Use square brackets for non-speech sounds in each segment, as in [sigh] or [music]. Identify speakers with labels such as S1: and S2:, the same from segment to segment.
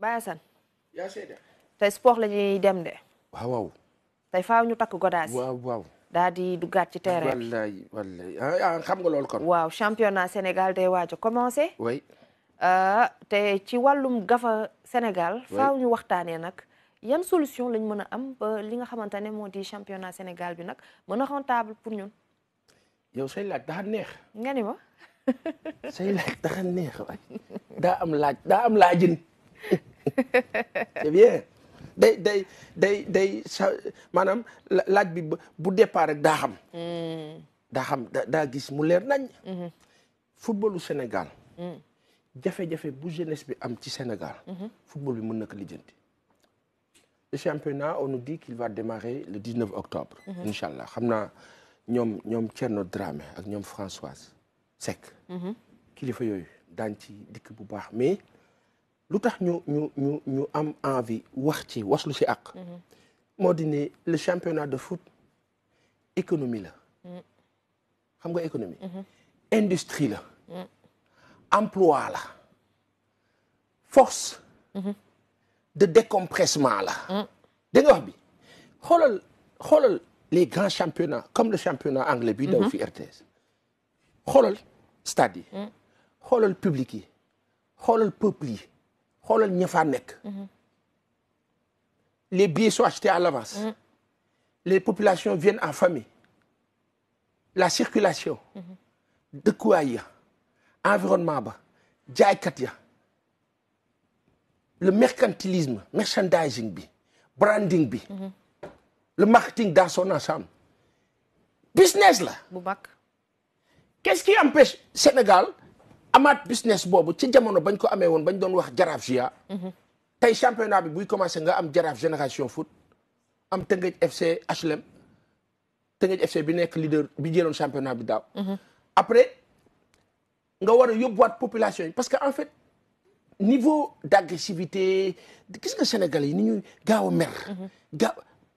S1: Baye Assane.
S2: yaa seede.
S1: sport la ñuy dem de. waaw waaw. faaw ñu takk godaas. waaw waaw. daal di duggaat ci terrain
S2: ah,
S1: ah, xam nga loolu kon. waaw championnat Sénégal day waaj a commencé. oui. Euh, te ci wàllum gafa Sénégal. faaw ñu waxtaanee nag yan solution lañ mën a am ba li nga xamante ne moo di championnat Sénégal bi nag mën a rentable pour ñun.
S2: yow say laaj daxa neex. nga ma. say laaj daxa neex waay am laaj daa am laajin. [laughs] [laughs] c'est bien day day day day maanaam laaj bi bu départ rek daa xam.
S1: Hmm.
S2: daa xam daa gis mu leer nañ. Mm-hmm. footballu Sénégal. Mm. jafe-jafe bu jeunesse bi am ci Sénégal. Mm-hmm. football bi mën na ko lijjanti. le championnat on nous qu'il va démarrer le octobre. Mm-hmm. incha allah xam naa ñoom ñoom Thierno Dramé ak ñoom Françoise Seck. kilifa yooyu daañ ci dikk bu baax mais. lu tax ñu ñu ñu ñu am envie wax ci waslu ci ak mhm. moo di ne le championnat de foot économie la mhm. xam nga économie mhm. industrie la emploi la force de décompressement la da nga wax bi xoolal xoolal les grands championnats comme le championnat anglais bi daw fi RTS xoolal stade yi xoolal public yi xoolal peuple yi xoolal ña faa nekk. Mhm. les billets sont achetés à l'avance. Mhm. les populations viennent en famille. la circulation. Mhm. dëkkuwaay ya environnement ba jaaykat ya le mercantilisme merchandising bi branding bi. le marketing dans son ensemble. business la. qu'est-ce qui empêche Sénégal. amaat business boobu ci jamono bañ ko amee woon bañ doon wax jaraaf jia mhm. tey championnat bi buy commencé nga am jaraaf génération foot am Tëngéej FC bi nekk leader bi jëloon championnat bi daaw mhm. après nga war a yóbbuwaat population yi parce que en fait niveau d'agressivité gis nga Sénégalais yi ni ñuy gaaw a mer mhm.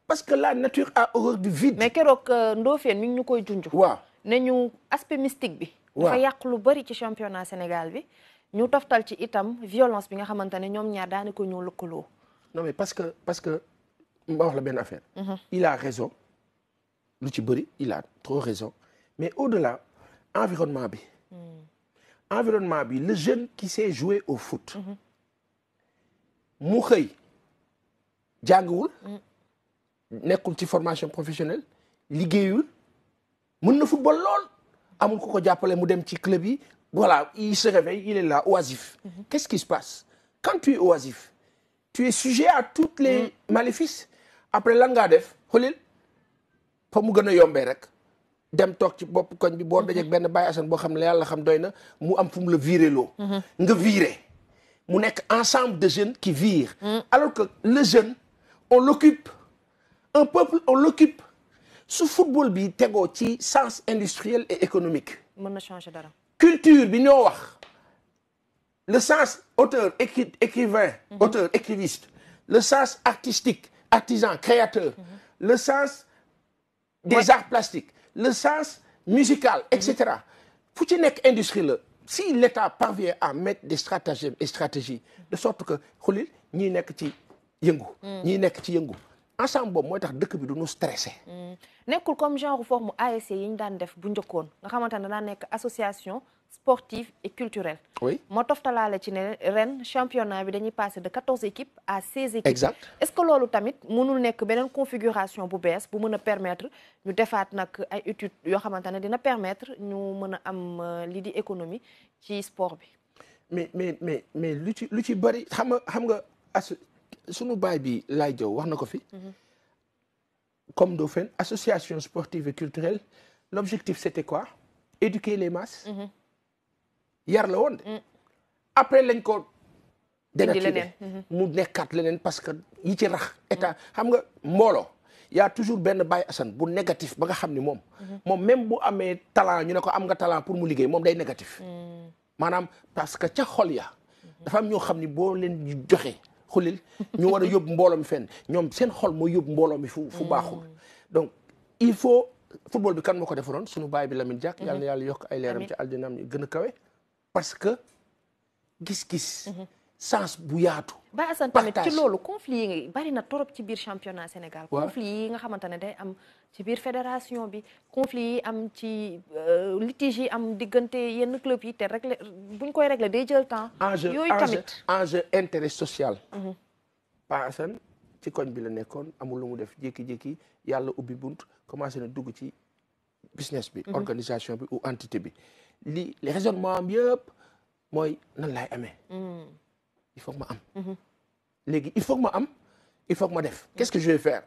S2: parce que la nature a horreur du vide mais
S1: keroog euh, Ndofène mi ngi ñu koy junj waaw nañu aspect mystique bi dafa yàq lu bari ci championnat Sénégal bi ñu toftal ci itam violence bi nga xamante ne ñoom ñaar daanaka ñoo lëkkaloo
S2: non mais parce que parce que ma la benn affaire mhm. il a raison lu ci bëri il a trop raison mais au-delà environnement bi mm. environnement bi le jeune qui sait jouer au foot mhm. mu xëy jàngiwul hmm. nekkul ci formation professionnelle liggéeyul mën na football lool amul ku ko jàppale mu dem ci club yi voilà il se réveille il est là oisif. Mm -hmm. qu'est-ce qui se passe quand tu es oisif tu es sujet à toutes les mm maléfices après lan ngaa def xolil fa mu gën a yombee rek dem toog ci bopp koñ bi boo mhm. dajeeg benn Baye Assane boo xam ne yàlla xam doy na mu am fu le la loo mhm. nga viré mu nekk ensemble de jeunes qui virent mhm. alors que le jeune on l'occupe un peuple on l'occupe su football bi tegoo ci sens industriel et économique.
S1: mën na changer dara.
S2: culture bi ñoo wax le sens auteur écri écrivain. Mhm. auteur écriviste. le sens artistique artisan créateur. Mhm. le sens des arts le sens musical et mhm. cetera fu ci nekk industrie si l'État parvient à mettre des stratagèmes et stratégies de sorte que xulil ñii nekk ci yëngu mm. ñii nekk ci yëngu ensemble boobu mooy tax dëkk bi du ñu stressé.
S1: Hmm. nekkul comme genre forme ASC yi ñu daan def bu njëkkoon nga xamante ne nekk association sportive et culturelle. oui toftalaale ci ne ren championnat bi dañuy passer de quatorze équipes à seize équipes. exact loolu tamit mënul nekk beneen configuration bu bees bu mën a permettre ñu defaat nag ay études yoo xamante ne dina permetre ñu mën a am euh, lii di économie ci sport bi.
S2: mais mais mais lu ci lu ci bari xam sunu baay bi laay jow wax na ko fi mhm. comme Dauphin association sportive et culturelle l'objectif c'était quoi éduquer les masses mhm. yar la woon mm. après lañ ko
S1: dénaturé
S2: mhm. mu nekkaat leneen parce que yi ci rax mm. état xam nga mbooloo yaa toujours benn Baye Assane bu négatif ba nga xam ni moom moom même bu amee talent ñu ne ko am nga talent pour mu liggéey moom day négatif mm. maanaam parce que ca xol ya dafa am ñoo xam ni boo leen joxe xulil ñu war a yóbbu mbooloo mi fenn ñoom seen xol mooy yóbbu mbooloo mi fu fu baaxul mm. donc il faut football bi kan moo ko defaroon suñu baay bi Lamine Diack mm-hmm. yàlla na yàlla yokk ay leeram ci àldinaam ñu gën a kawe parce que gis-gis mm-hmm. sens bu yaatu.
S1: ba Assane tamit ci loolu conflit yi bari na torop ci biir championnat Sénégal. conflit yi nga xamante ne day am ci biir fédération bi. conflit yi am ci euh, litige yi am diggante yenn club yi te régler bu koy régler day jël temps. yooyu tamit
S2: enjeu intérêt social. Mhm. ba Assane nekkoon amul lu mu def jékki-jékki yàlla ubbi bunt commencé na dugg ci business bi. Mhm. organisation bi ou entité bi li raisonnement am yëpp mooy nan laay amee. Mhm. il faut ma am. Mhm. léegi il faut ma am il faut que ma def ce que je vais faire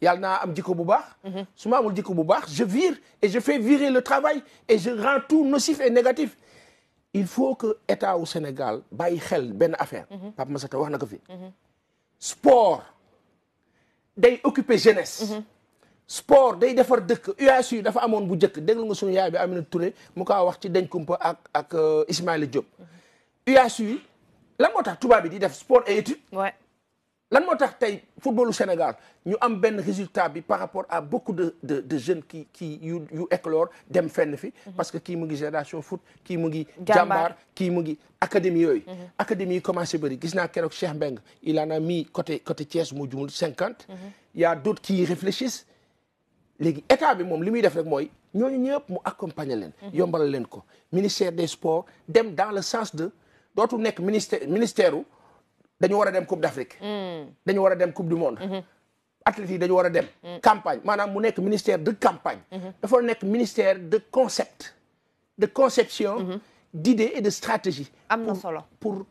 S2: yàlla naa am jikko bu baax. Mhm. su ma amul jikko bu baax je vire et je fais virer le travail et je rends tout nocif et négatif. il faut que état wu Sénégal bàyyi xel benn affaire. Mhm. Pape Massata wax na ko fi. sport day occuper jeunesse. sport day defar dëkk UASU dafa amoon bu njëkk déglu nga sunu yaay bi Aminata Touré mu kaa wax ci Deñ Kumpa ak ak euh, Ismaïla Diop UASU lan moo tax tubaab bi di def sport et étude. lan moo tax tey footballu Sénégal ñu am benn résultat bi par rapport à beaucoup de de de jeunes qui qui yu yu éclore dem fenn fi. Mhm. parce que kii mu ngi génération foot. kii mu ngi jàmbaar kii mu ngi académie yooyu. Mhm. académie yi commencé bëri gis naa keroog Cheikh mbeng il en a mis côté côté Thiès mu jumul cinquante. Mhm. y a d'autres qui y léegi état bi moom li muy def rek mooy ñooñu ñëpp mu accompagner leen. yombalal leen ko ministère des sports dem dans le sens de. dootu nekk ministère ministère dañu war a dem coupe d' afrique mm. dañu war a dem coupe du monde mm-hmm. athlètes dañu war a dem mm. campagne maanaam mu nekk ministère de campagne mm-hmm. dafa nekk ministère de concept de conception mm-hmm. d' idée et de stratégie am na solo pour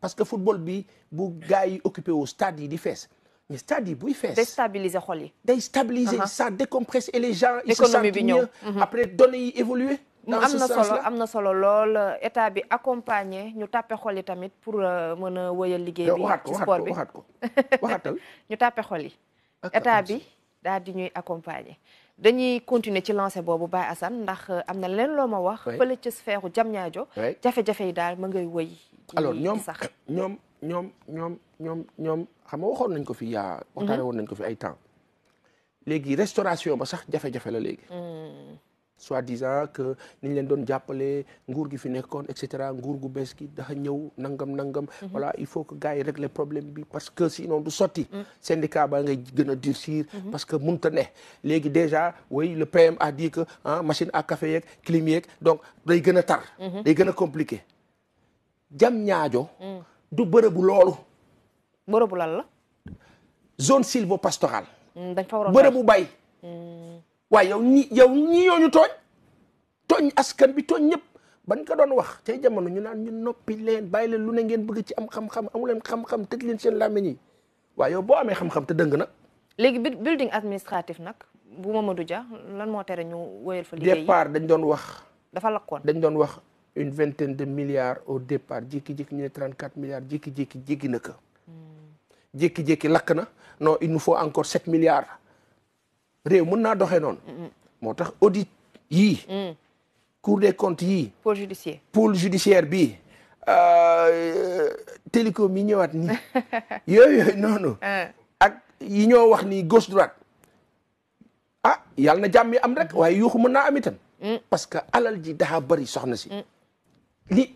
S2: parce que football bi bu gars yi occupé au stade yi di fees mais stade yi buy fees. déstabiliser yi. day stabiliser uh-huh. ça décompresse et les gens. ils se sentent après données yi évoluer. am na solo am na solo lool
S1: état bi accompagner ñu tappee xol yi tamit pour euh, mën a wëyal liggéey bi ci sport bi ko [laughs] waxaatal ñu tàppe xol yi état bi daal di ñuy accompagner dañuy continuer ci lancé boobu Baye Assane ndax euh, am na leen loo ma wax fële ci feexu jam Diamniadio jafe-jafe yi daal ma ngay woy alors ñoom sax
S2: ñoom ñoom ñoom ñoom ñoom xam nañ ko fi yaa mhm. waxtaane woon nañ ko fi ay temps léegi restauration ba sax jafe-jafe la léegi hmm. soi-disant que niñ leen doon jàppale nguur gi fi nekkoon et cetera nguur gu bees gi dafa ñëw nangam nangam. Mhm. voilà il faut que gars yi régler problème bi parce que sinon du sotti. Mm. syndicat ba ngay gën a durcir. Mhm. parce que mënut a ne léegi déjà oui le PM a dit que ah machine à café yeeg clim yeeg donc day gën a tar. Mhm. day gën a compliqué. jam ñaajo. Mm. du bërëbu loolu. bërëbu lan la. zone sylvopastorale.
S1: Mm, dañ bërëbu
S2: bay. waaye yow ñi yow ñi ñooñu tooñ tooñ askan bi tooñ ñëpp ban ko doon wax tey jamono ñu naan ñu noppi leen bàyyi leen lu ne ngeen bëgg ci am xam-xam amu leen xam-xam leen seen làmmiñ yi waaye yow boo amee xam-xam te dëng na
S1: léegi building administratif nag bu Mamadou Dia lan moo tere ñu wéyal fa liggéey départ
S2: dañ doon wax. dafa lakkoon dañ doon wax une vingtaine deux milliards au départ jékki-jékki ñu ne 34 milliards jékki-jékki jéggi na ko. Hmm. jékki-jékki lakk na non il faut encore 7 milliards. réew mën naa doxee noonu. moo tax audit yii. Mm. cour des comptes yii. pôle judiciaire pôle judiciaire bi euh, télécom yi ñëwaat nii [laughs] yooyu yooyu noonu. Ah. ak yi ñoo wax ni gauche droite ah na jàmm yi am rek waaye yuuxu mën naa am itam. Mm. parce que alal ji daxa bari soxna si. Mm. li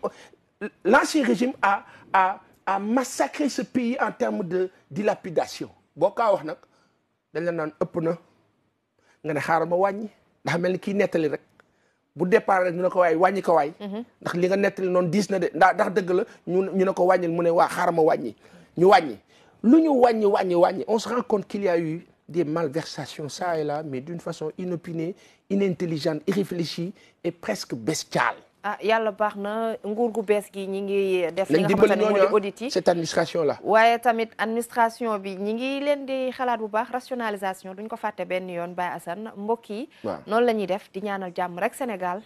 S2: l'ancien régime a a a massacré ce pays en termes de dilapidation boo kaa wax nag dañ naan ëpp na. nga ne xaaral ma wàññi ndax mel ni kii nettali rek bu départ rek ñu ne ko waay wàññi ko waay mhm. ndax li nga nettali noonu diis na de ndax ndax dëgg la ñu ñu ne ko wàññil mu ne ma wàññi ñu lu ñu wàññi wàññi wàññi on se rend compte qu'il y a eu des malversations ça et là mais d'une façon inopinée inintelligente irréfléchie et presque bestiale
S1: ah yàlla baax na nguur gu bees gi ñi ngi def li nga xamante ne moo di
S2: audit administration là
S1: waaye tamit administration bi ñi ngi leen di xalaat bu baax rationalisation duñ ko fàtte benn yoon Baye Assane mbokk yi noonu la ñuy def di ñaanal jàmm rek Sénégal